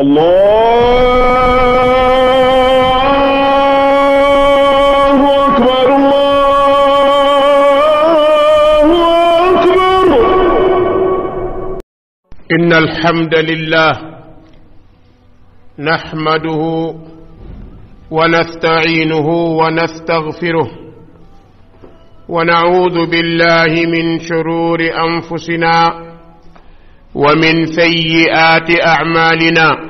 الله أكبر الله أكبر إن الحمد لله نحمده ونستعينه ونستغفره ونعوذ بالله من شرور أنفسنا ومن سيئات أعمالنا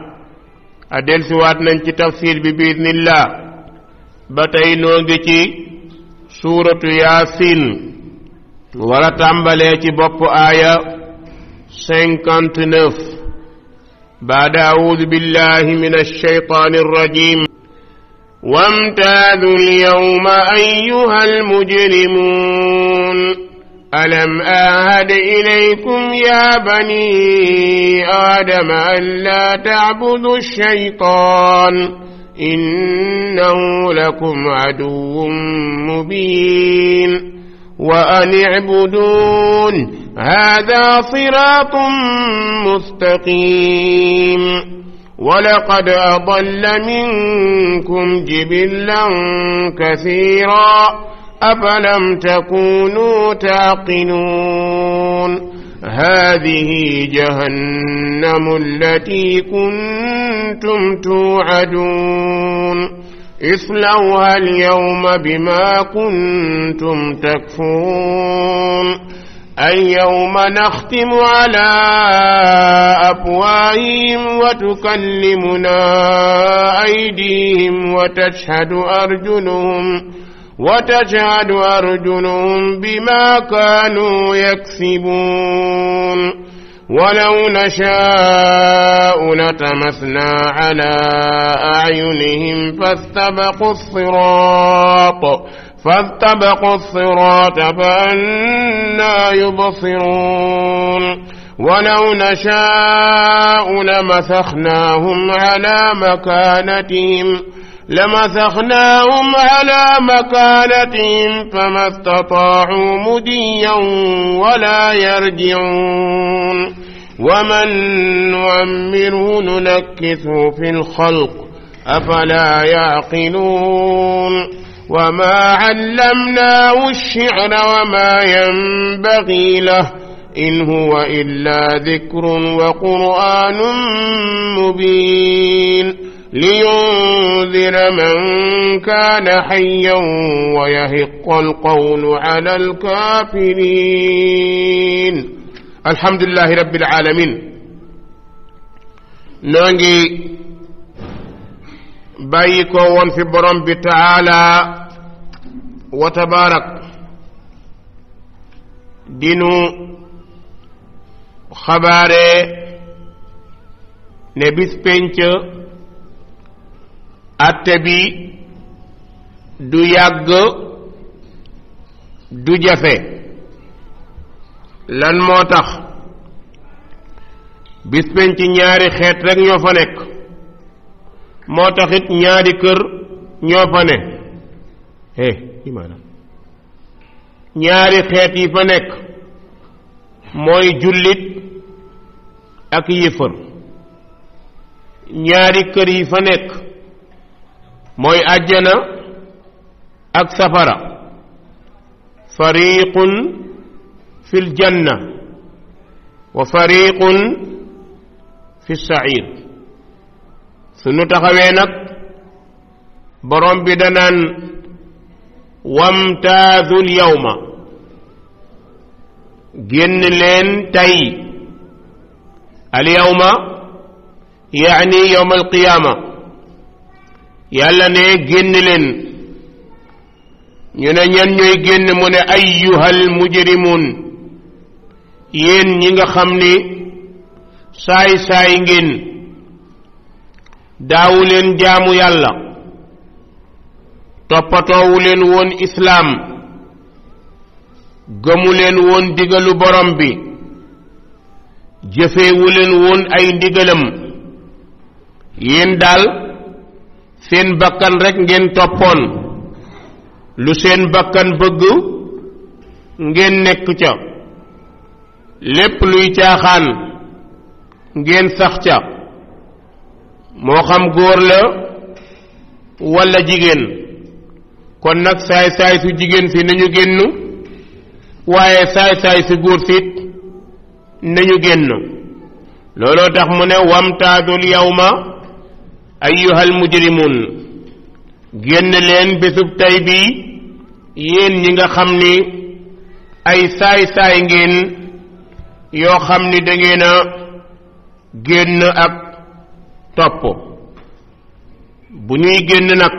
a dellusiwaat nañ ci tafsir bi biidnillah ba tey noo ngi ci suuratu yaasin war a tàmbalee ci bopp aaya cinquante neuf بعد أعوذ بالله من الشيطان الرجيم وامتاذوا اليوم أيها المجرمون ألم أعهد إليكم يا بني آدم ألا تعبدوا الشيطان إنه لكم عدو مبين وأن اعبدون هذا صراط مستقيم ولقد أضل منكم جبلا كثيرا أفلم تكونوا تعقلون هذه جهنم التي كنتم توعدون اصلوها اليوم بما كنتم تكفرون اليوم نختم على أفواههم وتكلمنا أيديهم وتشهد أرجلهم وتجعل أرجلهم بما كانوا يكسبون ولو نشاء لتمسنا على أعينهم فاستبقوا الصراط فاستبقوا الصراط فأنا يبصرون ولو نشاء لمسخناهم على مكانتهم لمسخناهم على مكانتهم فما استطاعوا مديا ولا يرجعون ومن نعمره ننكثه في الخلق أفلا يعقلون وما علمناه الشعر وما ينبغي له إن هو إلا ذكر وقرآن مبين لينذر من كان حيا ويهق القول على الكافرين الحمد لله رب العالمين نانجي بايكو وان في برم borom وتبارك دينو wa tabaarak dinu atte bi du yàgg du jafe lan moo tax bis penc ci ñaari xeet rek ñoo fa nekk moo tax it ñaari kër ñoo fa ne é ñaari xeet yi fa nekk mooy jullit ak yëfër ñaari kër yi fa nekk موي أجنا أك سفرة فريق في الجنة وفريق في السعير سنتخوينك برم بدنا وامتاز اليوم جن لين تاي اليوم يعني يوم القيامه yàlla ne génn leen ñu ne ñan ñooy génn mu ne ayyuhal mujrimun yéen ñi nga xam ni saay-saay ngeen daawu leen jaamu yàlla toppatoowu leen woon islaam gëmu woon digalu borom bi jëfeewu woon ay ndigalam yéen daal Sen bakkan rek ngeen toppoon lu seen bakkan bëgg ngeen nekk ca lépp luy caaxaan ngeen sax ca moo xam góor la wala jigéen kon nag saay saay su jigéen si nañu génn waaye saay saay su góor siit nañu génn looloo tax mu ne wamtaadul yawma ayyuhal mujrimun génn leen bésub tey bi yéen ñi nga xam ni ay saay-saay ngeen yoo xam ni da ngeen a génn ak topp bu ñuy génn nag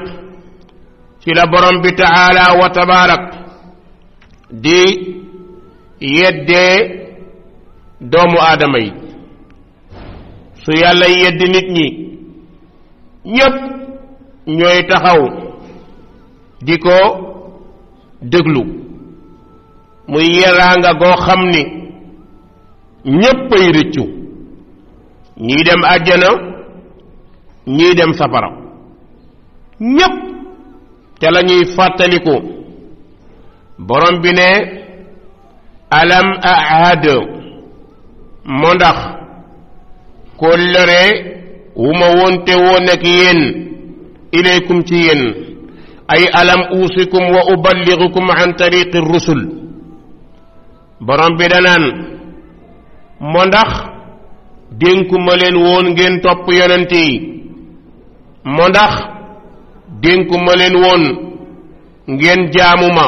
ci la borom bi taala wa di yeddee doomu aadama yi su yàlla yedd nit ñi ñépp ñooy taxaw di ko déglu muy yeraanga goo xam ni ñépp ay rëccu ñii dem àjjana ñii dem safara ñépp te lañuy fàttaliku borom bi ne alam ahad moo ndax kóllëre wu ma wonte woo nekk yéen ilaykum ci yéen ay alam uusikum wa uballighukum an tariqi rusul borom bi danaan moo ndax dénkuma woon ngeen topp yonent yi moo ndax woon ngeen jaamuma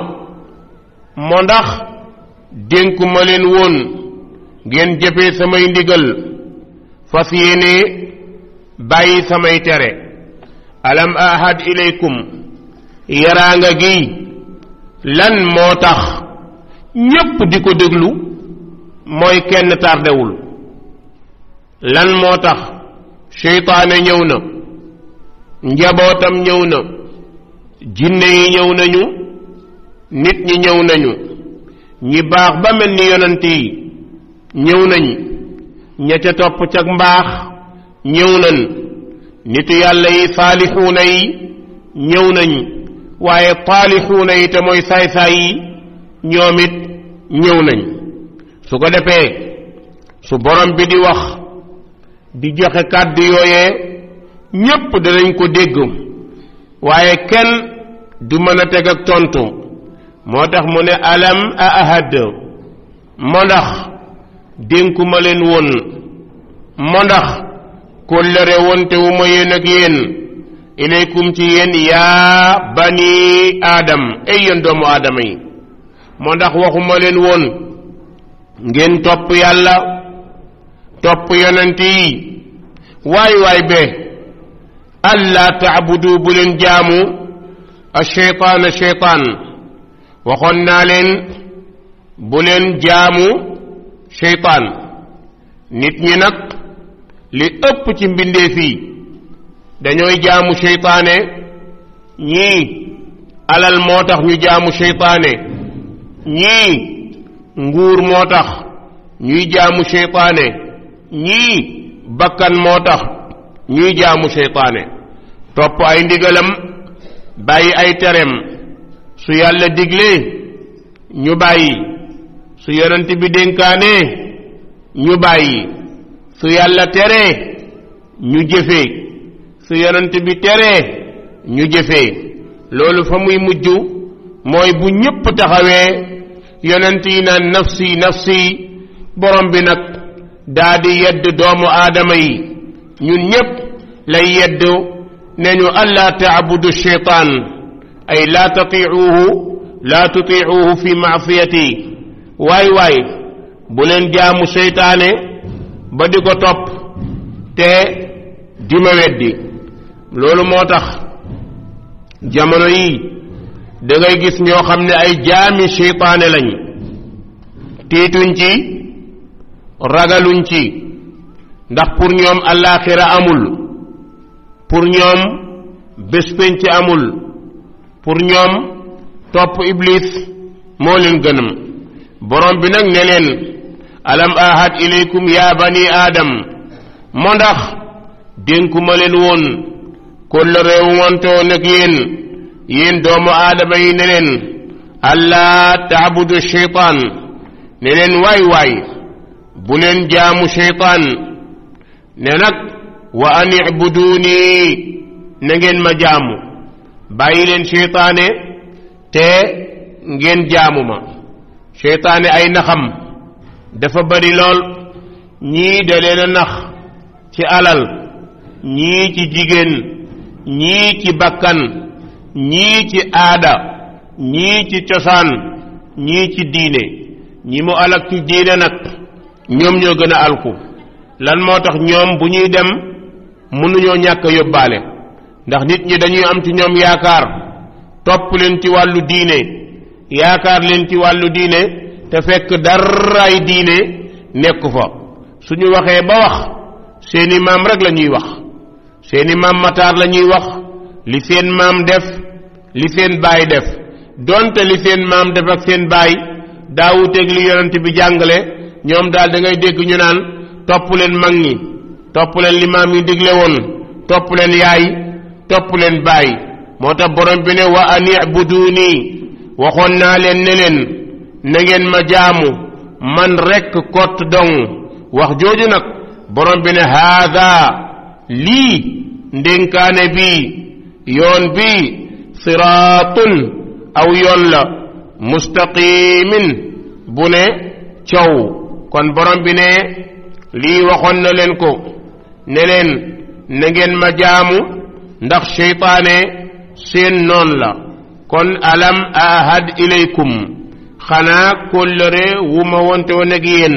moo ndax dénkuma leen woon ngeen jëfee samay ndigal fas yéene bàyyi samay tere alam ahad ilaykum yaraanga gi lan moo tax ñépp di ko déglu mooy kenn tardewul lan moo tax seytaane ñëw na njabootam ñëw na jinne yi ñëw nañu nit ñi ñëw nañu ñi baax ba mel ni yonent yi ñëw nañu ña ca topp ca mbaax ñëw nañ nitu yàlla yi saalixuuna yi ñëw nañu waaye taalixuuna yi te mooy saay-saay yi ñoom it ñëw nañ su ko defee su borom bi di wax di joxe kàddu yooyee ñépp danañ ko dégg waaye kenn du mën a teg ak tontu moo tax mu ne alam a ahad moo ndax ma leen woon moo ndax kóllëre wonte wu ma yéen ak yéen ilaykum ci yéen yaa bani aadam ay yéen doomu aadama yi moo ndax waxuma leen woon ngeen topp yàlla topp yonent yi waay waay be allah taabudu bu leen jaamu a sheytaana sheytaan waxoon naa leen bu leen jaamu sheytaan nit ñi nag li ëpp ci mbindeef yi dañooy jaamu seytaane ñii alal moo tax ñu jaamu seytaane ñii nguur moo tax ñuy jaamu seytaane bakkan moo tax ñuy jaamu seytaane topp ay ndigalam bàyyi ay tereem su yàlla diglee ñu bàyyi su yonent bi dénkaanee ñu bàyyi su yàlla teree ñu jëfee su yonent bi teree ñu jëfee loolu fa muy mujj mooy bu ñépp taxawee yonent yi naan nafsi nafsi borom bi nag daa di yedd doomu aadama yi ñun ñépp lay yedd ne ñu allaa taabudu cheytaan ay laa tatiicuuhu laa tutiicuuhu fi maasiyati waay waay bu leen jaamu cheytaane ba di ko topp te di ma weddi loolu moo tax jamono yi dangay gis ñoo xam ne ay jaami seytaane lañu tiituñ ci ragaluñ ci ndax pour ñoom allaaxira amul pour ñoom bés ci amul pour ñoom topp iblis moo leen gënam borom bi nag ne alam ahad ilaykum ya bani adam moo ndax dénkuma leen woon kóllëre wontoo nag yéen yéen doomu aadama yi ne leen allah taabudu cheytaan ne leen waay waay bu len jaamu shaytan ne nag wa an ibuduni na ngeen ma jaamu bàyyi leen cheytaane te ngeen jaamuma shaytané ay naxam dafa bari lool ñii da leen a nax ci alal ñii ci jigéen ñii ci bakkan ñii ci aada ñii ci cosaan ñii ci diine ñi mu alak ci diine nag ñoom ñoo gën a alku lan moo tax ñoom bu ñuy dem mënuñoo ñàkk a yóbbaale ndax nit ñi dañuy am ci ñoom yaakaar topp leen ci wàllu diine yaakaar leen ci wàllu diine te fekk ay diine nekku fa ñu waxee ba wax seeni maam rekk la ñuy wax seeni maam mataar la ñuy wax li seen maam def li seen baay def donte li seen maam def ak seen baay daawuteeg li yonent bi jàngale ñoom daal da ngay dégg ñu naan topp leen mag ñi topp leen li maam yi digle woon topp leen yaay topp leen baay moo tax borom bi ne wa an ibuduuni waxoon naa leen ne na ma jaamu man rekk kott dong wax jooju nag borom bi ne haada lii ndénkaane bii yoon bii siraatun aw yoon la mustaqimin bu ne coow kon borom bi ne lii waxoon na leen ko ne leen na ngeen ma jaamu ndax seytaane seen noon la kon alam ahad ilaykum xanaa kóllëre wuma ma wonte woon ak yéen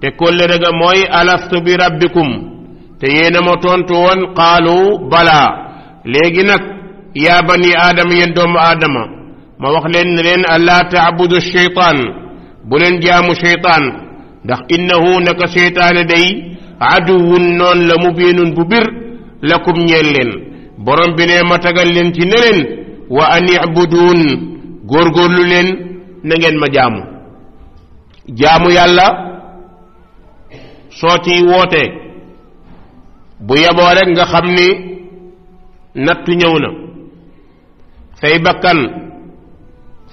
te kóllëre ga moy alastu bi rabbikum te yéena ma tontu won qalu bala legi nak ya bani adam yéen doomu aadama ma wax len len alla ta'budu taabudu cheytaan bu len jamu shaytan ndax innahu nak shaytan day aduwun non la mubiinun bu bir lakum ñel len borom bi ne ma tagal len ci ne wa an ibuduun lu len na ngeen ma jaamu jaamu yàlla soo ciy wootee bu yeboo rekk nga xam ni nattu ñëw na say bakkan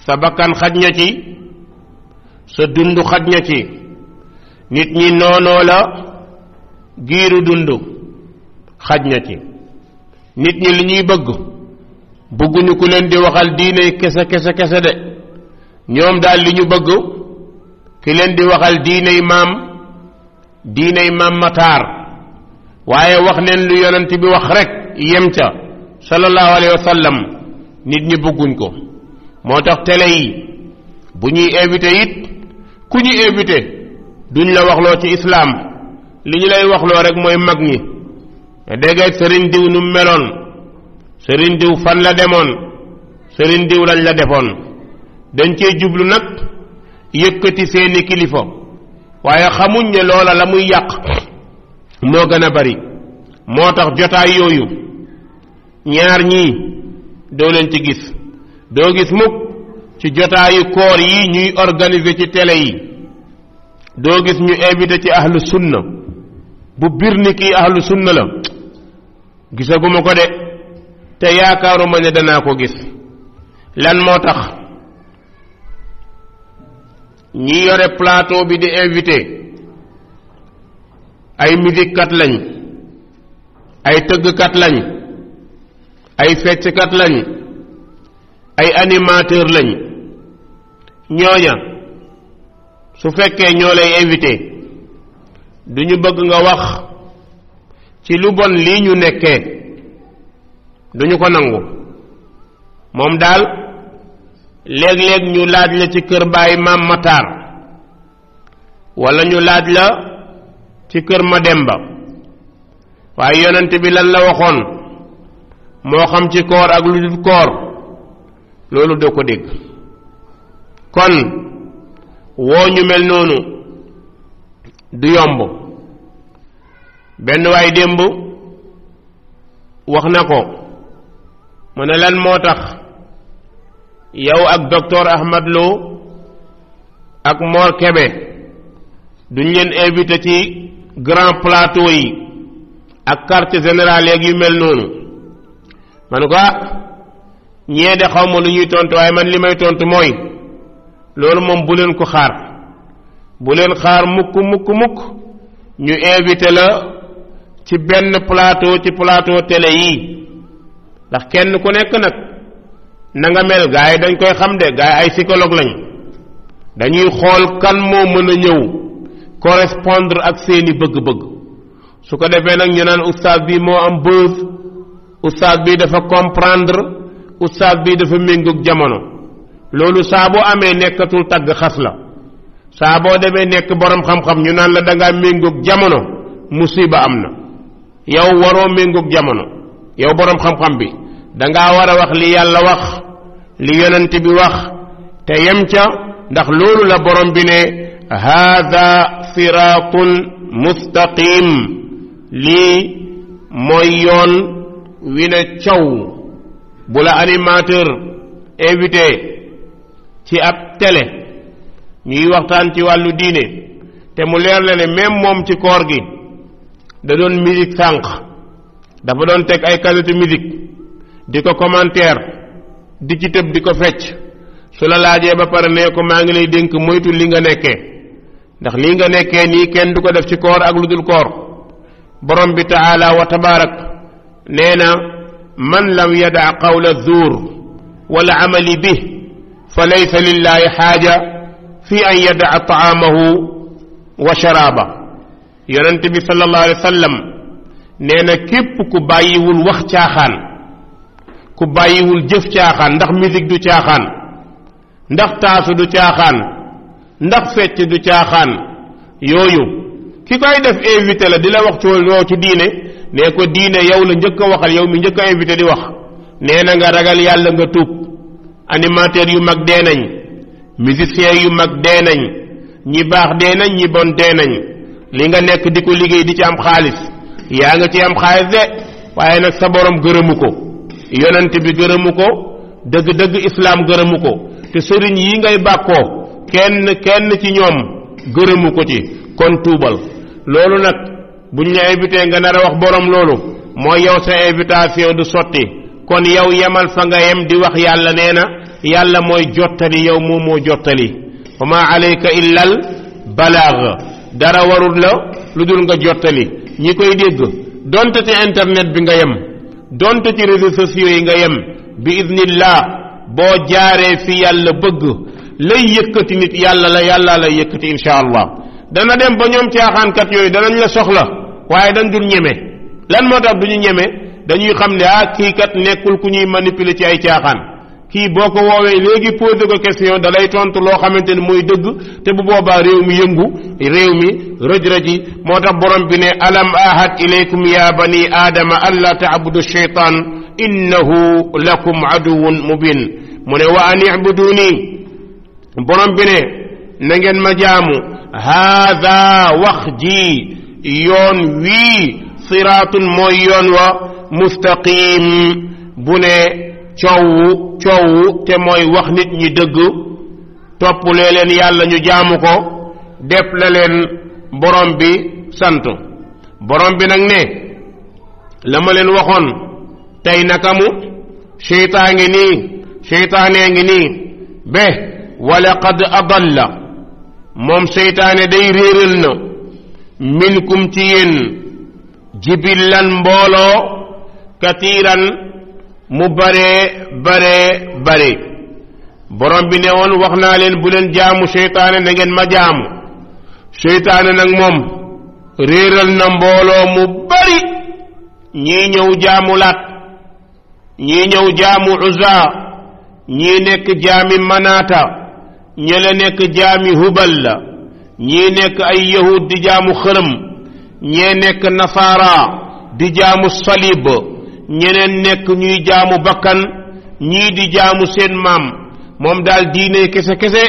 sa bakkan xaj na ci sa dund xaj na ci nit ñi noonoo la giiru dund xaj na ci nit ñi li ñuy bëgg bëgguñu ku leen di waxal diine kese kese kese de ñoom daal li ñu bëgg ki leen di waxal diiney maam diiney maam mataar waaye wax neen lu yonent bi wax rek yem ca sallallahu alayhi wa nit ñi bugguñ ko moo tax télé yi bu ñuy invité it ku ñu invité duñ la waxloo ci islaam li ñu lay waxloo rek mooy mag ñi dégg sëriñ diw nu meloon sëriñ diw fan la demoon sëriñ diw lañ la defoon dañ cee jublu nag yëkkati seeni kilifa waaye xamuñ ne loola la muy yàq moo gën a bari moo tax jotaay yooyu ñaar ñii doo leen ci gis doo gis mukk ci jotaayu koor yi ñuy organiser ci télé yi doo gis ñu invité ci ahlu sunna bu bir ni kii ahlu sunna la gisaguma ko de te yaakaaruma ne danaa ko gis lan moo tax ñi yore plateau bi di invité ay musique kat lañ ay tëggkat lañ ay fecckat lañ ay animateur lañ ñooña su fekkee ñoo lay invité du ñu bëgg nga wax ci lu bon li ñu nekkee du ñu ko nangu moom daal léeg-léeg ñu laaj la ci kër baay maam Matar wala ñu laaj la ci kër Mademba waaye yonent bi lan la waxoon moo xam ci koor ak lu dul koor loolu doo ko dégg kon woo ñu mel noonu du yomb benn waay démb wax na ko mu ne lan moo tax yow ak docteur Ahmad Lo ak Mor Kebe duñ leen invité ci grand plateau yi ak quartier général yeeg yu mel noonu man ko ah, ñee de xaw ma lu ñuy tontu waaye man li may tontu mooy loolu moom bu leen ko xaar bu leen xaar mukk mukk mukk ñu invité la ci benn plateau ci plateau télé yi ndax kenn ku nekk nag na nga mel gaay dañ koy xam de gaay ay psychologue lañ dañuy xool kan moo mën a ñëw correspondre ak seeni bëgg-bëgg su ko defee nag ñu naan oustaz bi moo am bës oustaz bi dafa comprendre oustaz bi dafa méngug jamono loolu saa boo amee nekkatul tagg xas la saa boo demee nekk borom xam-xam ñu naan la da ngaa méngug jamono musiba am na yow waroo méngug jamono yow borom xam-xam bi danga war a wax li yàlla wax li yonent bi wax te yem ca ndax loolu la borom bi ne haada siraatun mustaqim lii mooy yoon wi ne caw bu la animateur invité ci ab télé ñuy waxtaan ci wàllu diine te mu leer la ne même moom ci koor gi da doon musique sànq dafa doon teg ay kasetu musique di ko commentaire di ci tëb di ko fecc su la laajee ba pare ne ko maa ngi lay dénk moytu li nga nekkee ndax li nga nekkee nii kenn du ko def ci koor ak lu dul koor borom bi taala wa tabaarak nee na man lam yadaa qawla zuur wala amali bi fa laysa lillahi xaaja fi an yadaa taamahu wa sharaaba yonente bi sallallahu alayhi wa sallam nee na képp ku bàyyiwul wax caaxaan ku bàyyiwul jëf caaxaan ndax musique du caaxaan ndax taasu du caaxaan ndax fecc du caaxaan yooyu ki koy def invité la di la wax ci loo ci diine nee ko diine yow la njëkk waxal yow mi njëkk a invité di wax nee na nga ragal yàlla nga tuub animateur yu mag dee nañ musicien yu mag dee nañ ñi baax dee nañ ñi bon dee nañ li nga nekk di ko liggéey di ci am xaalis yaa nga ci am xaalis de waaye nag sa boroom gërëmu ko yonent bi gërëmu ko dëgg-dëgg islaam gërëmu ko te sëriñ yi ngay bàkkoo kenn kenn ci ñoom gërëmu ko ci kon tuubal loolu nag bu ñu la invité nga nar a wax borom loolu mooy yow sa invitation du sotti kon yow yemal fa nga yem di wax yàlla nee na yàlla mooy jottali yow moom moo jottali wa ma alayka illal dara warul la lu dul nga jottali ñi koy dégg donte te internet bi nga yem donte ci réseaux sociaux yi nga yem bi idnillah boo jaaree fi yàlla bëgg lay yëkkati nit yàlla la yàlla lay yëkkati insha allah dana dem ba ñoom caaxaankat yooyu danañ la soxla waaye dañ dul ñeme lan moo tax du ñu ñeme dañuy xam ne ah kii kat nekkul ku ñuy manipuler ci ay caaxaan kii boo ko woowee léegi posé ko question dalay tontu loo xamante ni mooy dëgg te bu boobaa réew mi yëngu réew mi rëj rëji moo tax borom bi ne alam ahad ilaykum ya bani aadama alla tabudu taabudu innahu lakum aduwun mubin mu ne wa an ibuduni borom bi ne na ngeen ma jaamu haada wax ji yoon wii siraatun mooy yoon wa mustaqim bu ne coowu coowu te mooy wax nit ñi dëgg toppulee leen yàlla ñu jaamu ko def la leen borom bi sant borom bi nag ne la ma leen waxoon tey naka mu seytaan ngi nii seytaanee ngi nii be walaqad adalla moom seytaane day réeral na minkum ci yéen jibillan mbooloo katiiran mu bare bare bare borom bi ne woon wax naa leen bu leen jaamu seytaane na ngeen ma jaamu seytaane nag moom réeral na mbooloo mu bari ñii ñëw jaamu laat ñii ñëw jaamu uzza ñii nekk jaami manaata ñële nekk jaami hubal la ñii nekk ay yahud di jaamu xërëm ñee nekk nasaara di jaamu salib ñeneen nekk ñuy jaamu bakkan ñii di jaamu seen maam moom daal diine kese kese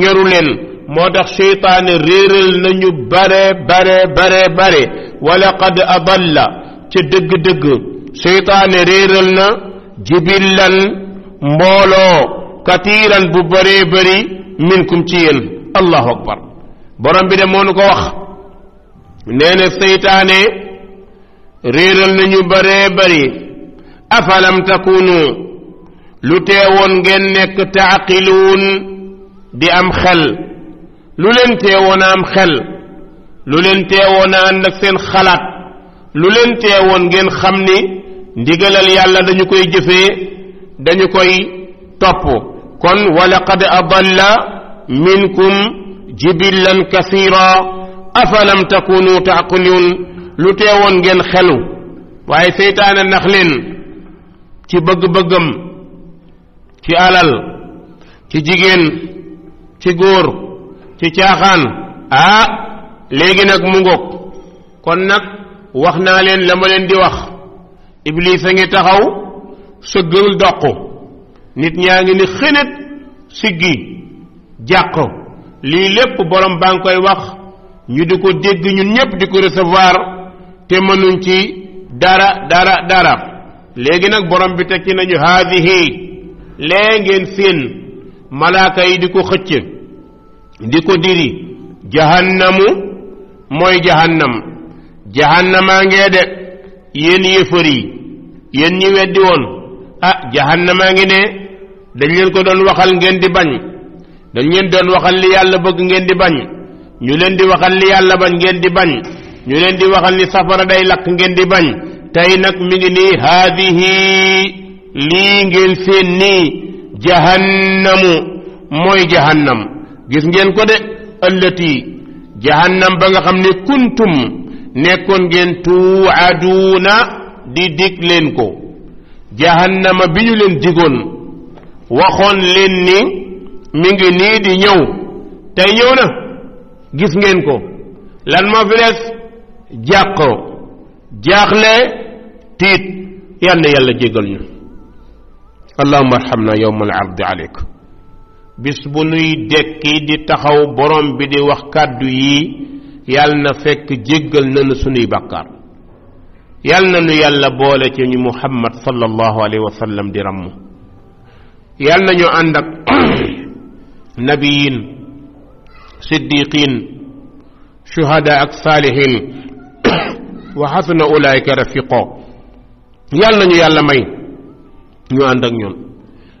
ñoru leen moo tax seytaane réeral nañu bare bare bare bare wala qad adalla ca dëgg-dëgg seytaane réeral na jibillan mbooloo katiiran bu bëree bari minkum ci yéen allahu akbar borom bi de moo nu ko wax nee seytaane réeral nañu baree bari afalam takunu lu teewoon ngeen nekk taaqiluun di am xel lu leen teewoon a am xel lu leen teewoon a ànd ak seen xalaat lu leen teewoon ngeen xam ni ndigalal yàlla dañu koy jëfee dañu koy topp kon walaqad adalla minkum jibillan kasira afalam takunu taaqiluun lu teewoon ngeen xelu waaye seytaane nax leen ci bëgg-bëggam ci alal ci jigéen ci góor ci caaxaan ah léegi nag mu ngoog kon nag wax naa leen la ma leen di wax iblis a ngi taxaw sëggul doq nit ñaa ngi ni xënét siggi jàq lii lépp borom baa ngi koy wax ñu di ko dégg ñun ñépp di ko recevoir te mënuñ ci dara dara dara léegi nag borom bi tekki nañu haadihi lee ngeen seen malaaka yi di ko xëcc di ko diri jahannamu mooy jahannam jahannama ngee de yéen yëfër yi yéen ñi weddi woon ah jahannama ngi ne dañ leen ko doon waxal ngeen di bañ dañ leen doon waxal li yàlla bëgg ngeen di bañ ñu leen di waxal li yàlla bañ ngeen di bañ ñu leen di waxal ni safara day lakk ngeen di bañ tey nag mi ngi nii haadihi lii ngeen seen nii jahannamu mooy jahannam gis ngeen ko de ëllëti jahannam ba nga xam ne kuntum nekkoon ngeen tuuaduuna di dig leen ko jahannama bi ñu leen digoon waxoon leen ni mi ngi nii di ñëw tey ñëw na gis ngeen ko lan moo fi des jàqoo jaaxle tiit yal na yàlla jégal ñu allahuma arhamna yowma al ardi aleyk bis bu nuy dekki di taxaw borom bi di wax kàddu yi yal na fekk jéggal nanu sunuy bàkkaar yal na nu yàlla boole ci ñu muhammad sallallahu alayhi wa sallam di ramm yal na ñu ànd ak nabiyin siddiqin shuhada ak saalihin wa xasuna ulaayka rafiqoo yàlla nañu yàlla may ñu ànd ak ñun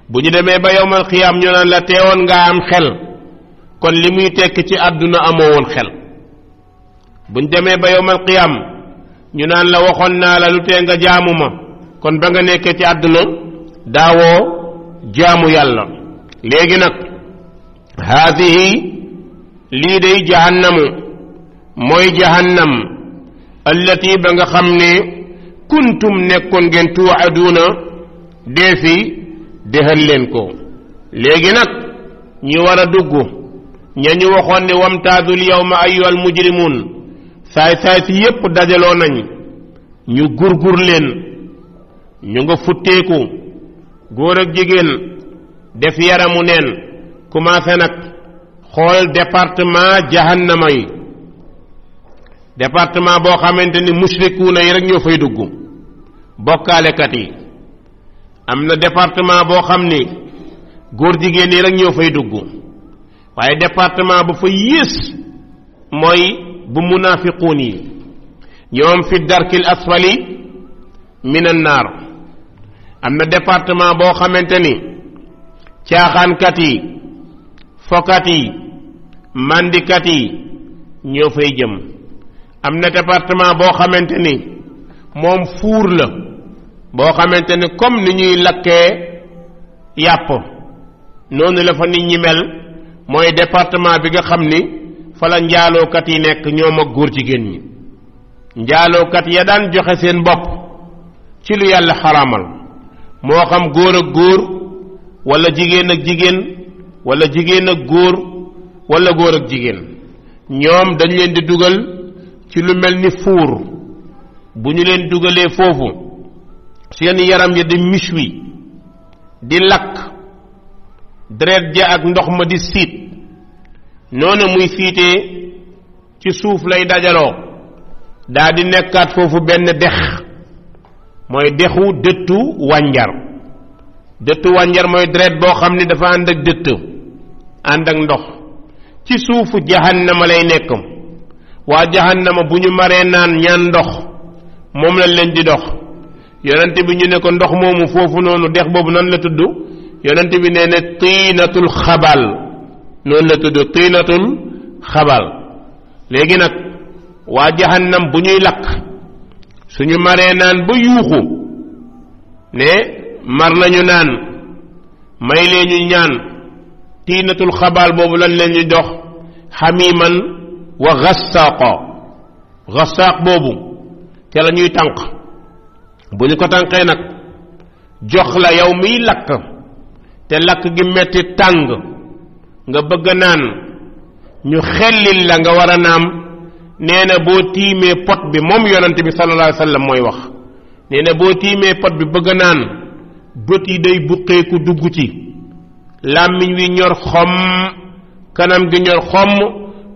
bu ñu demee ba yowmal xiyaam ñu naan la teewoon ngaa am xel kon li muy tekk ci àdduna amoo woon xel bu ñu demee ba yowmal xiyaam ñu naan la waxoon naa la lu tee nga jaamu ma kon ba nga nekkee ci àdduna daawoo jaamu yàlla léegi nag haadihi lii day jahannamu mooy jahannam allati ba nga xam ne kuntum nekkoon ngeen tuwaduuna dee fi dexal leen ko léegi nag ñi war a dugg ña ñu waxoon ne wamtaazul yawma ayyuhal mujrimun saay-saay si yépp dajaloo nañ ñu gurgur leen ñu nga futteeku góor ak jigéen def yaramu neen commencé nag xool département jahannama yi département boo xamante ni mushrikuuna yi rek ñoo fay dugg bokkaalekat yi am na département boo xam ni góor jigéen yi rek ñoo fay dugg waaye département bu fa yées mooy bu munaafiquun yi ñoom fi darkil asfali minan naar am na département boo xamante ni caaxaankat yi fokat yi mandikat yi ñoo fay jëm am na département boo xamante ni moom fuur la boo xamante ni comme ni ñuy lakkee yàpp noonu la fa nit ñi mel mooy département bi nga xam ni fa la njaalookat yi nekk ñoom ak góor jigéen ñi njaalookat ya daan joxe seen bopp ci lu yàlla xaraamal moo xam góor ak góor wala jigéen ak jigéen wala jigéen ak góor wala góor ak jigéen ñoom dañ leen di dugal ci lu mel ni fuur bu ñu leen dugalee foofu seen yaram ya di miche wi di lakk deret ja ak ndox ma di siit noonu muy siitee ci suuf lay dajaloo daldi nekkaat foofu benn dex mooy dexu dëttu wànjar dëttu wànjar mooy deret boo xam ni dafa ànd ak dëtt ànd ak ndox ci suufu ma lay nekk waa jahannama bu ñu maree naan ñaan ndox moom lañ leen di dox yonente bi ñu ne ko ndox moomu foofu noonu dex boobu nan la tudd yonente bi nee ne tiinatul xabal noonu la tudd tiinatul xabal léegi nag waa jahannam bu ñuy lakk suñu maree naan ba yuuxu ne mar nañu naan may leen ñaan tiinatul xabal boobu lan leen ñu dox xamiman wa ghassaqa ghassaq bobu ca la ñuy tank bu ñu ko tanké nak jox la yow mi lak te lak gi metti tang nga bëgg naan ñu xellil la nga wara naam neena bo timé pot bi mom yonante bi sallallahu alayhi wasallam moy wax neena na timé pot bi bëgg naan bëtt yi day ku dugg ci lamiñ wi ñor xom kanam gi ñor xom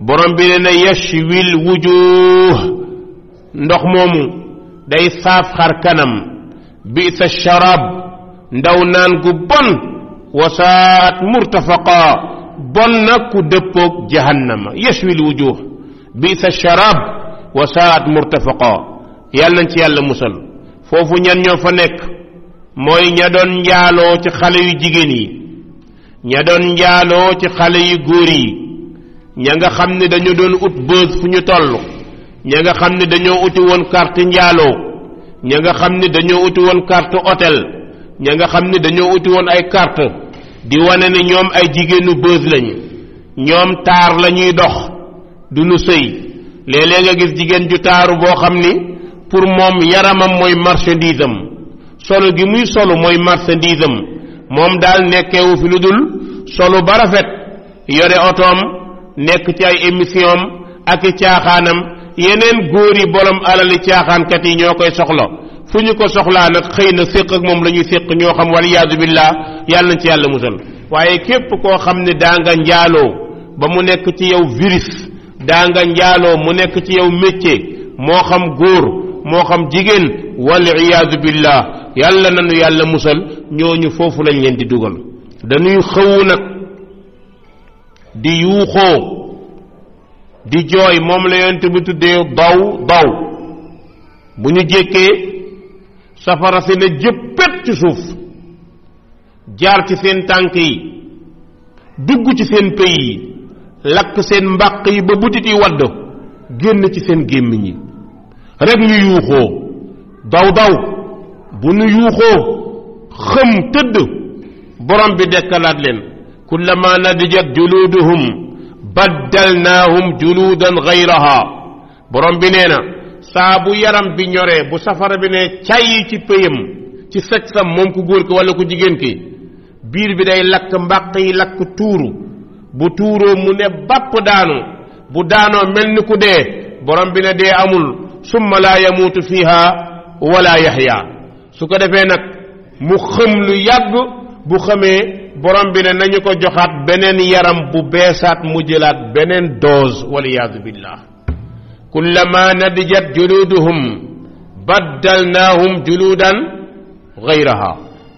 borom bi ne yashwil wujuh ndox moomu day saaf xar kanam bi sa sharab ndaw naan gu bon wasaat murtafaqa bon na ku dëppoog jahannama yashwil wujuh bi sa sharab wasaat murtafaqa yàlla nañ ci yàlla musal foofu ñan ñoo fa nekk mooy ña doon njaaloo ci xale yu jigéen yi ña doon ci xale yu góor yi ña nga xam ne dañu doon ut bës fu ñu toll ña nga xam ne dañoo wuti woon carte njaaloo ña nga xam ne dañoo wuti woon carte hôtel ña nga xam ne dañoo wuti woon ay carte di wane ne ñoom ay jigéenu bës lañu ñoom taar la ñuy dox du nu sëy léeg-léeg nga gis jigéen ju taaru boo xam ni pour moom yaramam mooy marchandise am solo gi muy solo mooy marchandise am moom daal nekkewu fi lu dul solu ba rafet yore otoom nekk ci ay émission am ak i caaxaanam yeneen góor yi borom alali caaxaankat yi ñoo koy soxla fu ñu ko soxlaa nag xëy na séq ak moom la ñuy séq ñoo xam wal yaadu billah yàlla nañ ci yàlla musal waaye képp koo xam ne daa nga njaaloo ba mu nekk ci yow virus daa nga njaaloo mu nekk ci yow métier moo xam góor moo xam jigéen wal iyaadu billah yàlla nanu yàlla musal ñooñu foofu lañ leen di dugal dañuy xëwu nag di yuuxoo di jooy moom la yonent bi tuddee daw daw bu ñu jékkee safara si na jëppét ci suuf jaar ci seen tànk yi dugg ci seen pëy yi lakk seen mbàq yi ba butit yi wadd génn ci seen gémmiñ yi rek ñu yuuxoo daw daw bu ñu yuuxoo xëm tëdd borom bi dekkalaat leen kullama nadijat juluuduhum baddalnaahum juluudan gayraha borom bi nee na saa bu yaram bi ñoree bu safara bi ne cay ci pëyam ci saj moom ku góor ki wala ku jigéen ki biir bi day lakk mbàq lakk tuuru bu tuuroo mu ne bàpp daanu bu daanoo mel ni ku dee borom bi ne dee amul summa laa su ko defee nag mu xëm lu bu xamee borom bi ne nañu ko joxaat beneen yaram bu beesaat mu jëlaat beneen dose waliyaadu billah kullama nadijat juluduhum baddalnaahum juludan gayraha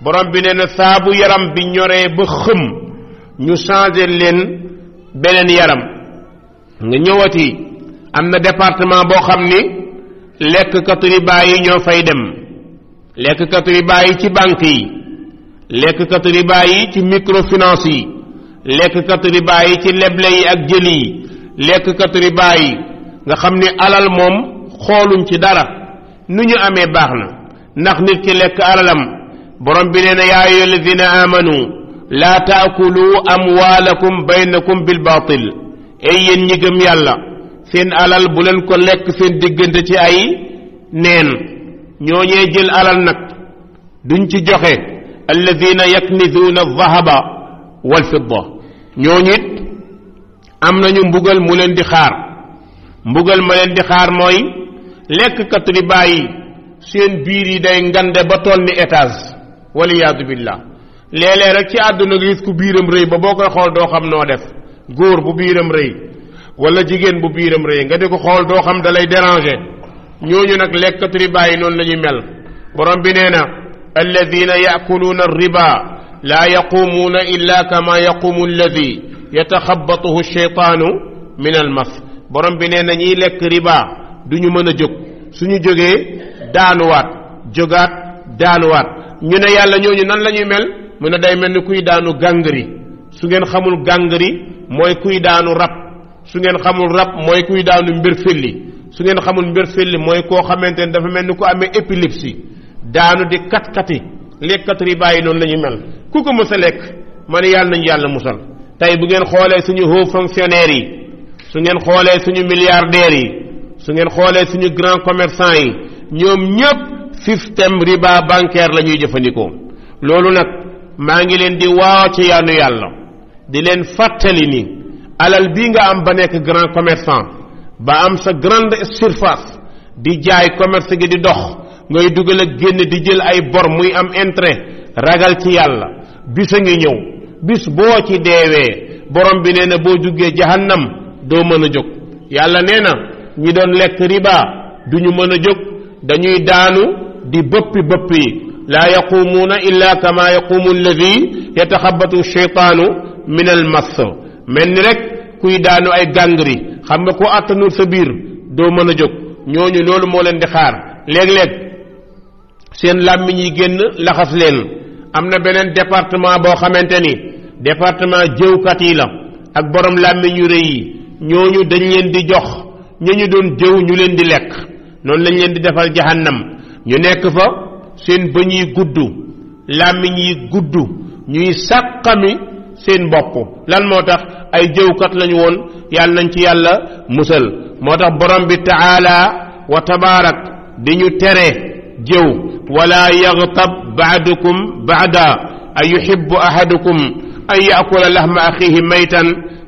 borom bi ne na saabu yaram bi ñoree ba xëm ñu changer leen beneen yaram nga ñëwati am na département boo xam ni lekkkatu riba yi ñoo fay dem lekkkatu katuri yi ci banque yi lekkkatu riba yi ci microfinance yi lekkkatu riba yi ci leble yi ak jëli yi lekk riba yi nga xam ni alal moom xooluñ ci dara nu ñu amee baax na ndax nit ki lekk alalam borom bi nee na yaa ayyuha alladina amanu laa taakulu amwaalakum baynakum bil baatil ay yéen ñi gëm yàlla seen alal bu leen ko lekk seen diggante ci ay neen ñooñee jël alal nag duñ ci joxe الذين يكنزون الذهب والفضة نيونيت أمنا نمبغل مولن دخار مبغل مولن دخار موي لك كتربائي سين بيري داي نغاند بطول ني اتاز ولياد بالله لالي رك سي ادنا غيس كو بيرم ري با بوكو خول دو خام نو ديف غور بو بيرم ري ولا جيجين بو بيرم ري غا ديكو خول دو خام دالاي ديرانجي نيوني نك لك تري باي نون لاني مل بروم بي alladina yaakuluuna alriba laa yaquumuuna illa kama yaquumu alladi yataxabatuhu alcheytaanu min almas borom bi nee na ñiy lekk riba du ñu mën a jóg suñu jógee daanuwaat jógaat daanuwaat ñu ne yàlla ñooñu nan la ñuy mel mu ne day mel ni kuy daanu gàngri su ngeen xamul gàngri mooy kuy daanu rab su ngeen xamul rab mooy kuy daanu mbir filli su ngeen xamul mbir filli mooy koo xamante ne dafa mel ni ku amee épilepsie daanu di kat kati lekkat riba yi noonu la ñu mel ku ko mës a lekk ma ne yàlla nañu yàlla musal tey bu ngeen xoolee suñu haut fonctionnaire yi su ngeen xoolee suñu milliardaire yi su ngeen xoolee suñu grand commerçant yi ñoom ñëpp système riba bancaire la ñuy jëfandikoo loolu nag maa ngi leen di waaw ci yaanu yàlla di leen fàttali ni alal bii nga am ba nekk grand commerçant ba am sa grande surface di jaay commerce gi di dox ngay dugal ak génn di jël ay bor muy am intérêt ragal ci yàlla bis a ngi ñëw bis boo ci deewee borom bi nee na boo duggee jahannam doo mën a jóg yàlla nee na ñi doon lekk riba du ñu mën a jóg dañuy daanu di bëppi bëpp yi laa na illa kama yaqumu alladi yataxabatu sheytaanu min al mass mel ni rek kuy daanu ay gàngri xam nga ko àttanul sa biir doo mën a jóg ñooñu loolu moo leen di xaar léeg-léeg seen làmmiñ yi génn laxas leen am na beneen département boo xamante ni département jëwkat yi la ak borom làmmiñ yu rëy yi ñooñu dañ leen di jox ña ñu doon jëw ñu leen di lekk noonu lañ leen di defal jahannam ñu nekk fa seen bëñ yi gudd làmmiñ yi gudd ñuy sàqami seen bopp lan moo tax ay jëwkat lañu woon yàlla nañ ci yàlla musal moo tax borom bi taala wa tabaarak di ñu tere jëw wala yaghtab ba'dukum ba'da ay yuhibbu ahadukum an ya'kula lahma akhihi maytan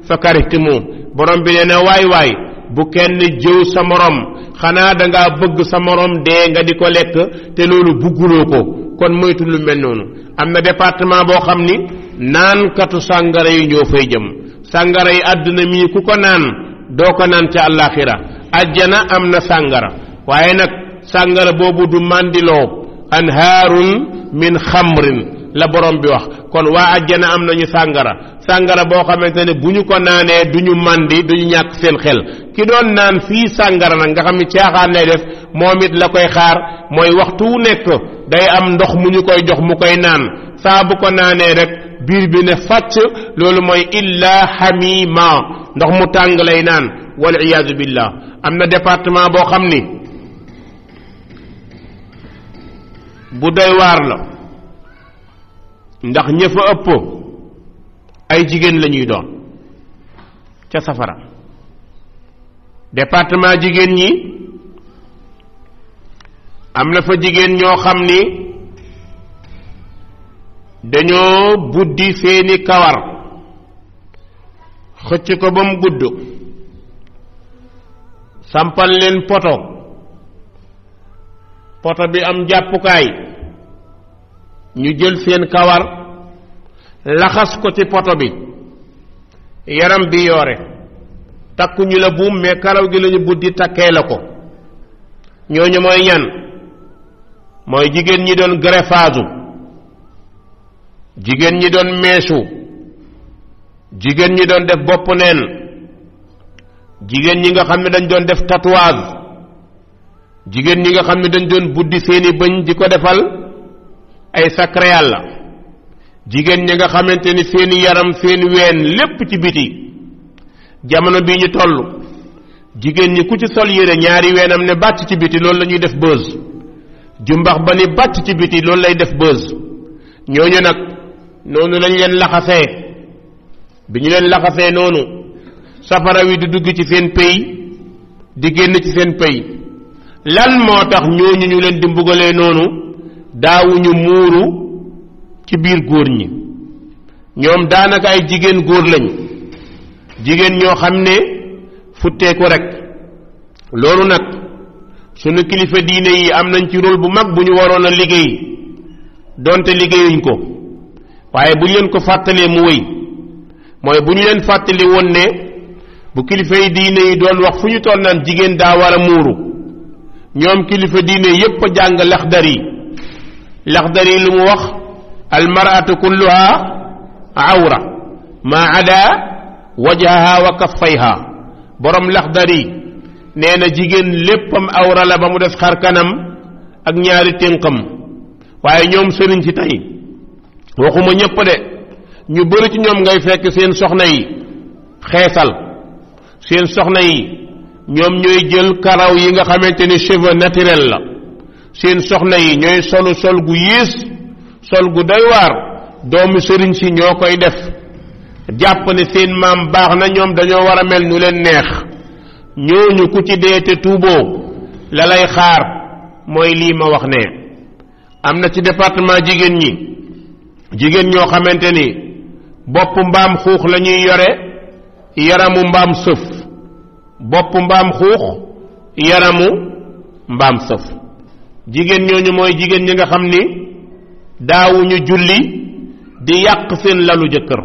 fa karihtumuh borom bi nee na waay waay bu kenn jëw sa morom xanaa da ngaa bëgg sa morom dee nga di ko lekk te loolu bugguloo ko kon moytu lu mel noonu am na département boo xam ni naankatu sàngara yi ñoo fay jëm sàngara yi àdduna mii ku ko naan doo ko naan ca àllaaxira ajjana am na sàngara waaye nag sàngara boobu du màndiloo anhaarun min xamrin la borom bi wax kon waa àjjana am nañu sàngara sàngara boo xamante ne bu ñu ko naanee du ñu màndi duñu ñu ñàkk seen xel ki doon naan fii sàngara nag nga xam ni caaxaan lay def moom it la koy xaar mooy waxtu wu nekk day am ndox mu ñu koy jox mu koy naan saa bu ko naanee rek biir bi ne fàcc loolu mooy illa hamima ndox mu tàng lay naan wal iyaadu billah am na département boo xam ni bu doy waar la ndax ña fa ëpp ay jigéen lañuy doon ca safara département jigéen ñi am na fa jigéen ñoo xam ni dañoo buddi seeni kawar xëcc ko ba mu gudd sampal leen poto poto bi am jàppukaay ñu jël seen kawar laxas ko ci poto bi yaram bi yoore takkuñu la buum mais karaw gi lañu buddi takkee la ko ñooñu mooy ñan mooy jigéen ñi doon greffage jigéen ñi doon meesu jigéen ñi doon def bopp neen jigéen ñi nga xam ne dañ doon def tatouage jigéen ñi nga xam ne dañ doon buddi seeni bëñ di ko defal ay sacré la jigéen ñi nga xamante ni seeni yaram seeni ween lépp ci biti jamono bii ñu toll jigéen ñi ku ci sol yére ñaari weenam ne bàcc ci biti loolu la ñuy def bës jumbax ba ni bàcc ci biti loolu lay def bës ñooñu nag noonu lañ leen laxase bi ñu leen laxasee noonu safara wi di dugg ci seen pays di génn ci seen pays lan moo tax ñooñu ñu leen di mbugalee noonu daawuñu muuru ci biir góor ñi ñoom daanaka ay jigéen góor lañ jigéen ñoo xam ne futteeku rekk loolu nag sunu kilifa diine yi am nañ ci rôle bu mag bu ñu waroon a liggéey donte liggéeyuñ ko waaye bu ñu leen ko fàttalee mu wéy mooy bu ñu leen fàttali woon ne bu kilifa yi diine yi doon wax fu ñu toll naan jigéen daa war a muuru ñoom kilifa diine yépp a jàng laxdari laxdari lu mu wax almaratu kulluha awra maa ada wajhaha wa kaffayha borom laxdari nee na jigéen léppam awra la ba mu def xar kanam ak ñaari ténqam waaye ñoom sëriñ si tey waxuma ñépp de ñu bëri ci ñoom ngay fekk seen soxna yi xeesal seen soxna yi ñoom ñooy jël karaw yi nga xamante ni cheveux naturel la seen soxna yi ñooy solu sol gu yées sol gu doy waar doomu sëriñ si ñoo koy def jàpp ne seen maam baax na ñoom dañoo war a mel nu leen neex ñooñu ku ci dee te tuuboo la xaar mooy lii ma wax ne am na ci département jigéen ñi jigéen ñoo xamante ni bopp mbaam xuux lañuy yore yaramu mbaam sëf bopp mbaam xuux yaramu mbaam sëf jigéen ñooñu mooy jigéen ñi nga xam ni daawuñu julli di yàq seen lalu jëkkër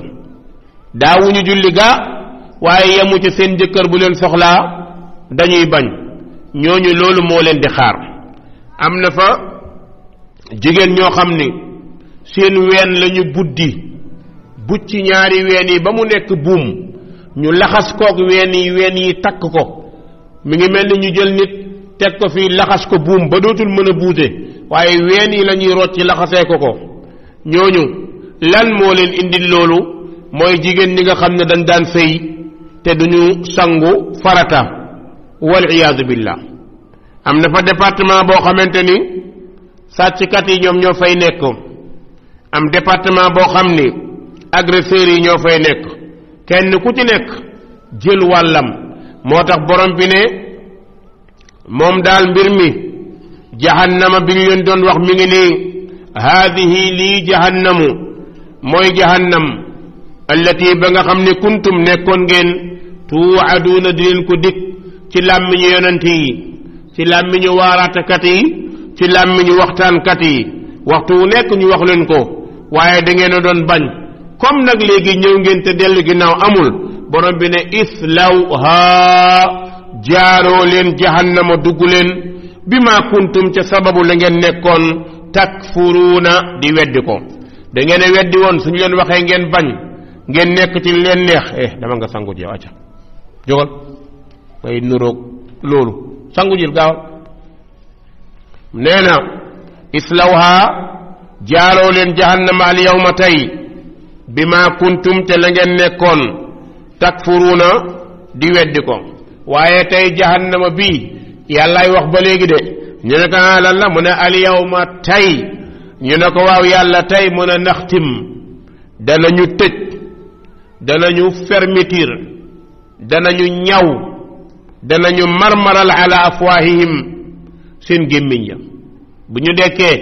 daawuñu julli gaa waaye yemu ci seen jëkkër bu leen soxlaa dañuy bañ ñooñu loolu moo leen di xaar am na fa jigéen ñoo xam ni seen ween lañu buddi bucc ñaari ween yi ba mu nekk buum ñu laxas koog ween yi ween yi takk ko mi ngi mel ni ñu jël nit teg ko fi laxas ko buum ba dootul mën a buute waaye ween yi la ñuy rocc laxasee ko ko ñooñu lan moo leen indil loolu mooy jigéen ñi nga xam ne dañ daan sëy te duñu sangu farata wal iyaadu billah am na fa département boo xamante ni sàcckat yi ñoom ñoo fay nekk am département boo xam ni agresseurs yi ñoo fay nekk kenn ku ci nekk jël wàllam moo tax borom bi ne moom daal mbir mi jahannama bi ñu leen doon wax mi ngi nii haadihi lii jahannamu mooy jahannam allati ba nga xam ne kuntum nekkoon ngeen tuuwaduuna di leen ko dikk ci làmmiñu yonent yi ci làmmiñu waaraatekat yi ci làmmiñu waxtaankat yi waxtu wu nekk ñu wax leen ko waaye dangeen doon bañ comme nag léegi ñëw ngeen te dellu ginnaaw amul borom bi ne islawha jaaroo leen jahannama dugg leen bi ma kuntum ca sababu la ngeen nekkoon takfuruuna di weddi ko dangeen ngeen weddi woon suñu leen waxee ngeen bañ ngeen nekk ci leen neex eh dama nga sangu ji yow acca jógal ngay nuroog loolu sangu jil gaawal nee na islawha jaaroo leen jahannama al yawma tey bi ma kuntum te la ngeen nekkoon takfuruuna di weddi ko waaye tey jahannama bii yàllaay wax ba léegi de ñu ne ko ah lan la mu ne alyawma tey ñu ne ko waaw yàlla tey mu ne naxtim danañu tëj danañu fermeture danañu ñaw danañu marmaral ala afwaahihim seen gémmiñ ya bu ñu dekkee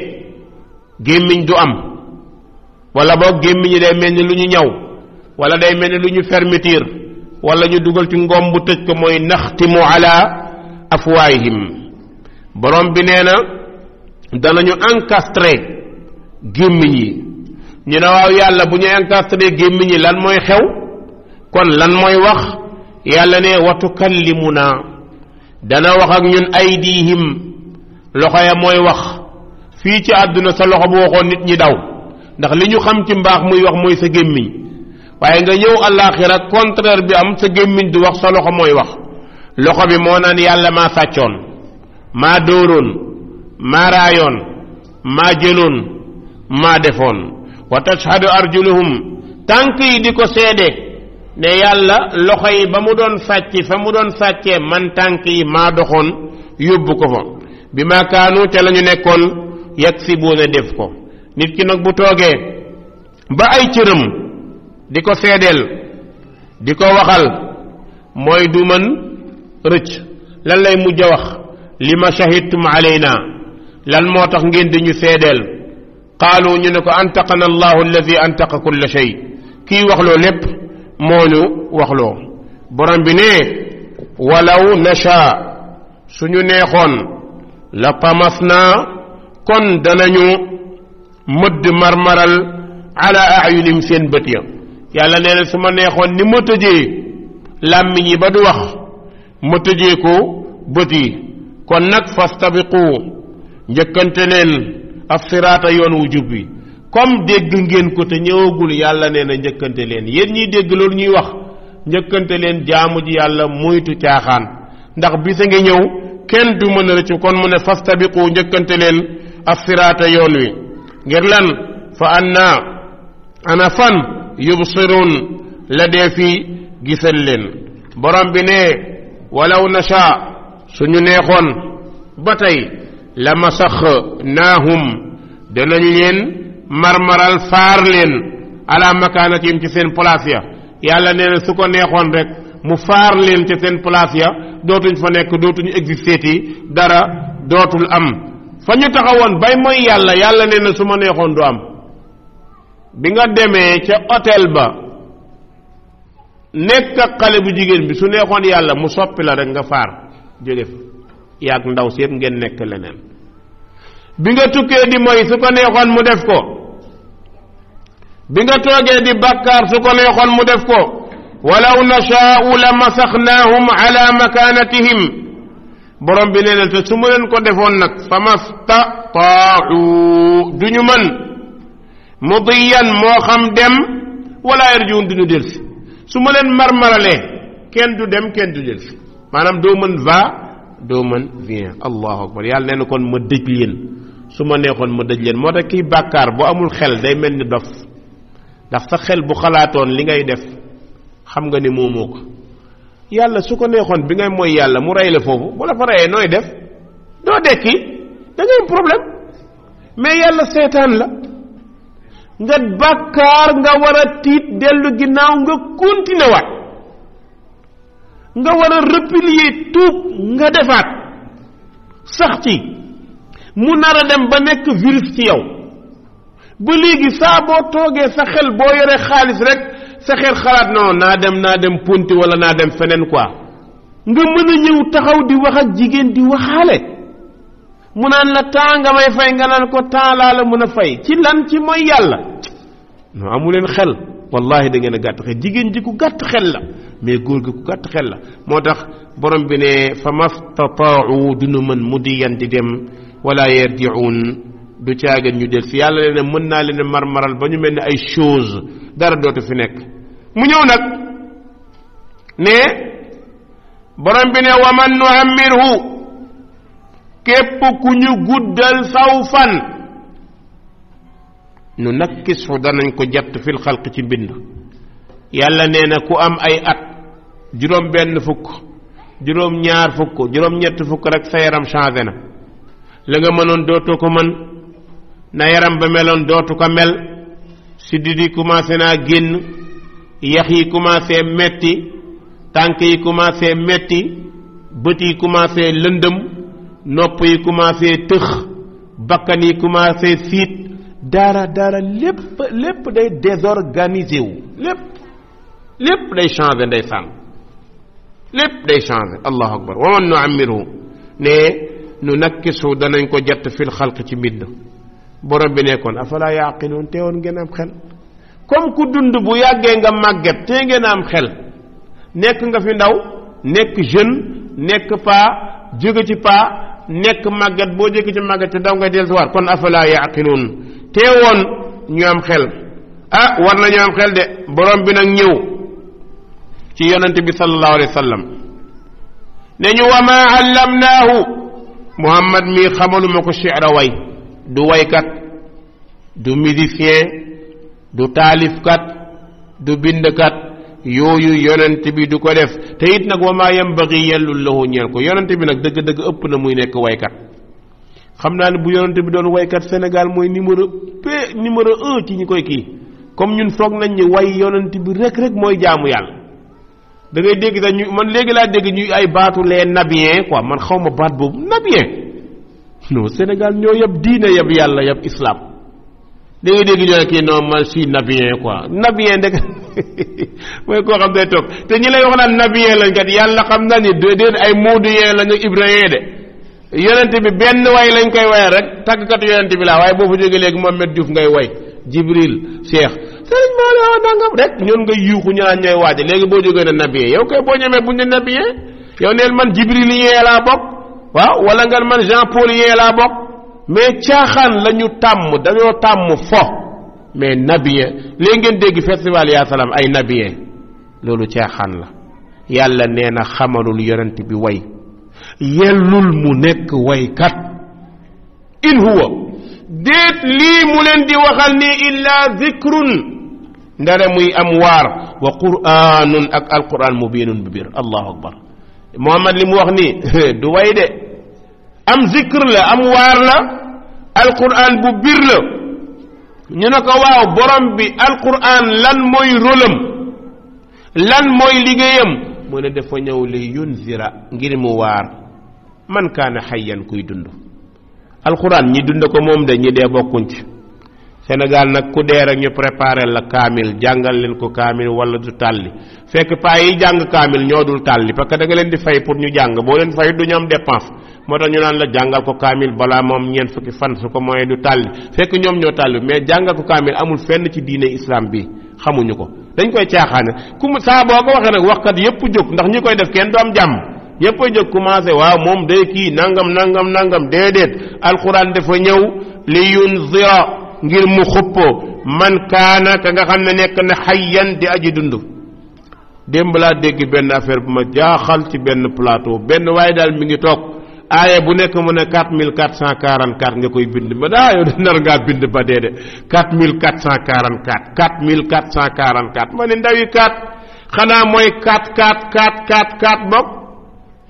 gémmiñ du am wala boog gémmiñ yi day mel ni lu ñu ñaw wala day mel ni lu ñu fermeture wala ñu dugal ci ngom bu tëj ko mooy naxtimu ala afwaayihim borom bi nee na danañu encastré gémmiñ yi ñu ne waaw yàlla bu ñu encastré gémmiñ yi lan mooy xew kon lan mooy wax yàlla ne watukallimuna tukallimuna dana wax ak ñun aydihim loxo ya mooy wax fii ci àdduna sa loxo bu waxoon nit ñi daw ndax li ñu xam ci mbaax muy wax mooy sa gémmiñ waaye nga ñëw àllaaxira contraire bi am sa gémmiñ du wax sa loxo mooy wax loxo bi moo naan yàlla maa sàccoon maa dóoroon maa raayoon maa jëloon maa defoon wa tashhadu arjuluhum tànk yi di ko seede ne yàlla loxo yi ba mu doon sàcc fa mu doon sàccee man tànk yi maa doxoon yóbbu ko fa bi ma kaanu ca la ñu nekkoon yagsibuuna def ko nit ki nag bu toogee ba ay cëram di ko seedeel di ko waxal mooy du man rëcc lan lay mujj wax li ma shahidtum alayna lan moo tax ngeen di ñu seedeel qaalu ñu ne ko antaqana allahu alladi antaqa kulla shay kii waxloo lépp moo ñu waxloo borom bi ne walaw nasha suñu neexoon la pamasna kon danañu mëdd marmaral ala ayunim seen bët ya yàlla nee na su ma neexoon ni ma tëjee làmmiñ yi ba du wax ma tëjee ko bët yi kon nag fastabiqu njëkkante leen af siraata yoon wu jub bi comme dégg ngeen ko te ñëwagul yàlla nee na njëkkante leen yéen ñiy dégg loolu ñuy wax njëkkante leen jaamu ji yàlla moytu caaxaan ndax bisa ngi ñëw kenn du mën a rëcc kon mu ne fastabiqu njëkkante leen af siraata yoon wi ngir lan fa anna ana fan yubsirun la dee fi gisal leen borom bi ne walaw nasha suñu neexoon ba tey la masax naahum danañ leen marmaral faar leen ala makaanatihim ci seen place ya yàlla nee na su ko neexoon rek mu faar leen ca seen place ya dootuñ fa nekk dootuñ existeeti dara dootul am fa ñu taxawoon bay mooy yàlla yàlla nee na su ma neexoon du am bi nga demee ca hôtel ba nekk ak xale bu jigéen bi su neexoon yàlla mu soppi la rek nga faar jóge fa yaag ndaw si yëpp ngeen nekk leneen bi nga tukkee di mooy su ko neexoon mu def ko bi nga toogee di bàkkaar su ko neexoon mu def ko walaw nashaa'u la masaxnaahum ala makaanatihim borom bi nee na te su ma leen ko defoon nag famastataaxu duñu mën mudiyan moo xam dem wala yarjuun duñu delsi su ma leen marmaralee kenn du dem kenn du delsi maanaam doo mën va doo mën vient allahu akbar yàlla nee na kon ma dëj leen su ma neexoon ma dëj leen moo tax kii bàkkaar bu amul xel day mel ni dof ndax sa xel bu xalaatoon li ngay def xam nga ni moomoo ko yàlla su ko neexoon bi ngay mooy yàlla mu rey la foofu bu la fa reyee nooy def doo dekki da ngay am problème mais yàlla seetaan la nga bàkkaar nga war a tiit dellu ginnaaw nga continué waat nga war a replier tuub nga defaat sax ci mu nar a dem ba nekk virus ci yow ba léegi saa boo toogee sa xel boo yore xaalis rek sa xel xalaat non naa dem naa dem ponti wala naa dem feneen quoi nga mën a ñëw taxaw di wax ak jigéen di waxaale mu naan la temps nga may fay nga naan ko temps laa la mën a fay ci lan ci mooy yàlla non amu leen xel wallahi da ngeen a gàtt xel jigéen ji ku gàtt xel la mais góor gi ku gàtt xel la moo tax borom bi ne fa maftataau dunu mën mudiyan di dem wala yerdiun du caagen ñu del si yàlla leen mën naa leen marmaral ba ñu mel ni ay chose dara dootu fi nekk mu ñëw nag ne borom bi ne wa man nuhammirhu képp ku ñu guddal saw fan nu nakkisu danañ ko jatt fil xalq ci mbind yàlla nee na ku am ay at juróom benn fukk juróom ñaar fukk juróom ñett fukk rek sa yaram changé na la nga mënoon dootoo ko mën na yaram ba meloon dootu ko mel si didi commencé naa yax yi commencé metti tànk yi commencé metti bët yi commencé lëndëm nopp yi commencé tëx bakkan yi commencé siit dara dara lépp lépp day désorganisé wu lépp lépp day changé ndeysaan lépp day changé allahu akbar wa man nu ammiru ne nu nakkisu danañ ko jett fil xalq ci mbind borom bi nekkoon afala yaaqiloon teewoon ngeen am xel comme ku dund bu yàggee nga màgget tee ngeen am xel nekk nga fi ndaw nekk jeune nekk paa jóge ci paa nekk màgget boo jóge ci màgget te daw ngay dellusiwaat kon afala yaqiluun tee woon ñu am xel a ah, war na ñu am xel de borom bi nag ñëw ci yonente bi sallallahu alayhi wa sallam ne ñu wa maa allamnaahu muhammad mii xamaluma ko shi'ra way du waykat du musicien du taalifkat du bindkat yooyu yonent bi du ko def te it nag wa maa yambagi yellul lahu ñeel ko yonent bi nag dëgg-dëgg ëpp na muy nekk waykat xam naa ne bu yonent bi doon waykat Sénégal mooy numéro p numéro un ci ñi koy kii comme ñun foog nañ ni way yonent bi rek rek mooy jaamu yàlla da ngay dégg sax ñu man léegi laa dégg ñuy ay baatu les nabiens quoi man xaw ma baat boobu nabien non Sénégal ñoo yab diine yab yàlla yab islaam da ngay dégg ñu ne kii non ma suis nabien quoi nabien ndek mooy koo xam day toog te ñi lay wax naan nabien kat yàlla xam na ni déedéet ay muuduyen lañu ibrahim de yonent bi benn way lañ koy waye rek tàggkat yonent bi laa waaye boo fa jógee léegi Mohamed Diouf ngay way Jibril Cheikh sëriñ Maodo nangam rek ñoon nga yuuxu ñu naan ñooy waaja léegi boo jógee na nabien yow koy boo ñemee buñ ne nabien yow neel man Jibril yee laa bokk waaw wala nga man Jean Paul yee mais tiaxan lañu ñu tàmm dañoo tàmm fo mais nabien lée ngeen dégg festival yaa salaam ay nabien loolu tiaxan la yàlla nee na xamalul yonent bi way yellul mu nekk kat in huwa déet lii mu leen di waxal ni illa zikrun ndare muy am waar wa qur'anun ak alquran mubinun bi biir allahu akbar muhammad li mu wax ni du way de am zikr la am waar la alquran bu bir la ñu ne ko waaw borom bi alquran lan mooy rôlam lan mooy liggéeyam mu ne dafa ñëw li yunzira ngir mu waar man kaana xayyan kuy dund alquran ñi dund ko moom da ñi dee bokkuñ ci Sénégal nag ku dee rek ñu préparé la kaamil jàngal leen ko kaamil wala du tàlli fekk paa yi jàng kaamil ñoo dul tàlli parce que da nga leen di fay pour ñu jàng boo leen fay du ñu am dépense moo tax ñu naan la jàngal ko kaamil balaa moom ñeent fukki fan su ko mooy du tàlli fekk ñoom ñoo tàlli mais jàngal ko kaamil amul fenn ci diine islam bi xamuñu ko dañ koy caaxaane ku saa boo ko waxee nag waxkat yépp jóg ndax ñi koy def kenn du am jàmm. ñëpp a jóg commencé waaw moom day kii nangam nangam nangam déedéet alxuraan dafa ñëw li yunzira ngir mu xuppoo man kana ka nga xamne nek na hayyan di aji dundu demb la deg ben affaire bu ma jaaxal ci ben plateau ben way dal mi ngi tok aaya bu nek mu ne 4444 nga koy bind ma da ah, yo nar nga bind ba dede de 4444 4444 ma ne ndawi 4 xanaa mooy 4444 bokk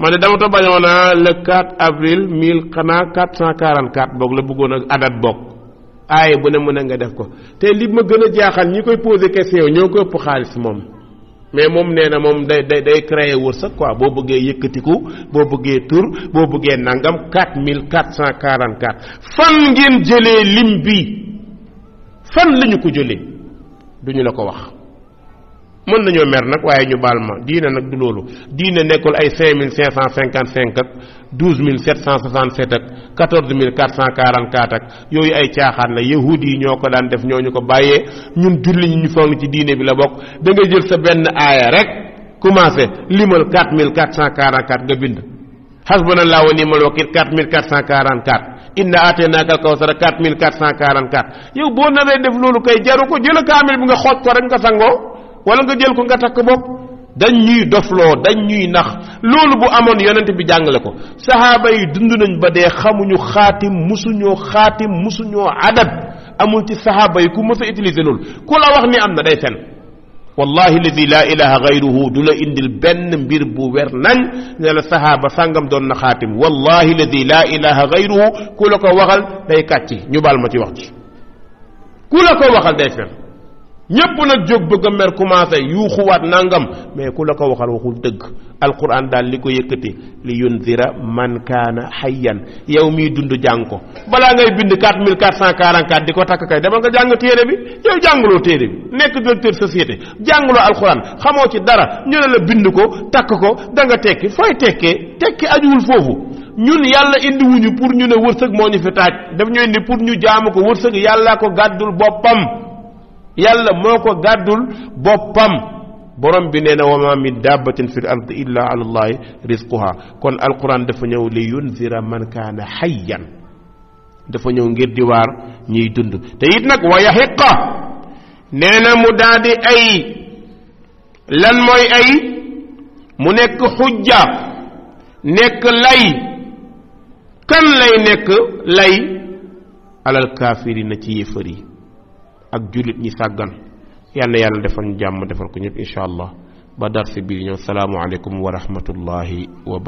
ma ne dama to bañona ah, le 4 avril 1444 bok la bëggona adat bok aaye bu ne mën a nga def ko te li ma gën a jaaxal ñi koy posé question ñoo ko ëpp xaalis moom mais moom nee na moom day day day créer wërsëg quoi boo bëggee yëkkatiku boo bëggee tur boo bëggee nangam 4444 fan ngeen jëlee lim bi fan lañu ñu ko jëlee duñu la ko wax mën nañoo mer nag waaye ñu baal ma diine nag du loolu diine nekkul ay 5555 ak douze mille sept cent soixante sept ak quatorze mille quatre cent quarante quatre ak yooyu ay caaxaan la yahudi yi ñoo ko daan def ñoo ñu ko bàyyee ñun julli ñu foog ni ci diine bi la bokk da ngay jël sa benn aaya rek commencé limal quatre mille quatre cent quarante quatre nga bind hasbunallahu wa ni'mal wakiil quatre mille quatre cent quarante quatre yow boo naree def loolu kay jaru ko jëla kaamil bi nga xooj ko rek nga sangoo wala nga jël ko nga takk dañ ñuy dofloo dañ ñuy nax loolu bu amoon yonent bi jàngale ko sahaaba yi dund nañ ba dee xamuñu xaatim musuñoo xaatim musuñoo adab amul ci sahaaba yi ku mësa utiliser loolu ku la wax ni am na day fen wallahi ladi la ilaha ghayruhu du la indil benn mbir bu wer nañ ne la sahaaba sàngam doon na xaatim wallahi ladi la ilaha ghayruhu ku la ko waxal day kàcci ñu bal ma ci wax ji ku la ko waxal day fen ñépp nag jóg bëgg a mer commencé yuuxuwaat nangam mais ku la ko waxal waxul dëgg alquran daal li ko yëkkati li yunzira man kaana hayyan yow miy dund jàng ko balaa ngay bind 4444 di ko takk kay demal nga jàng téere bi yow jàngaloo téere bi nekk directeur société jàngaloo alquran xamoo ci dara ñu ne la bind ko takk ko da nga tekki fooy tekkee tekki ajuwul foofu ñun yàlla indi wuñu pour ñu ne wërsëg moo ñu fi taaj daf ñu indi pour ñu jaamu ko wërsëg yàllaa ko gàddul boppam yàlla moo ko gàddul boppam borom bi nee na wa ma min dabbatin fi l illa ala allahi rizquha kon alquran dafa ñëw li yunzira man kaana xayyan dafa ñëw ngir di waar ñiy dund te it nag wa yaxiqa nee na mu daal di ay lan mooy ay mu nekk xujja nekk lay kan lay nekk lay alal kaafirina ci yéefar yi ak jullit ñi sàggan yàlla yàlla defal ñu jàmm defal ko ñëpp incha allah ba dar si biir ñëw salaamualeykum wa rahmatullahi wa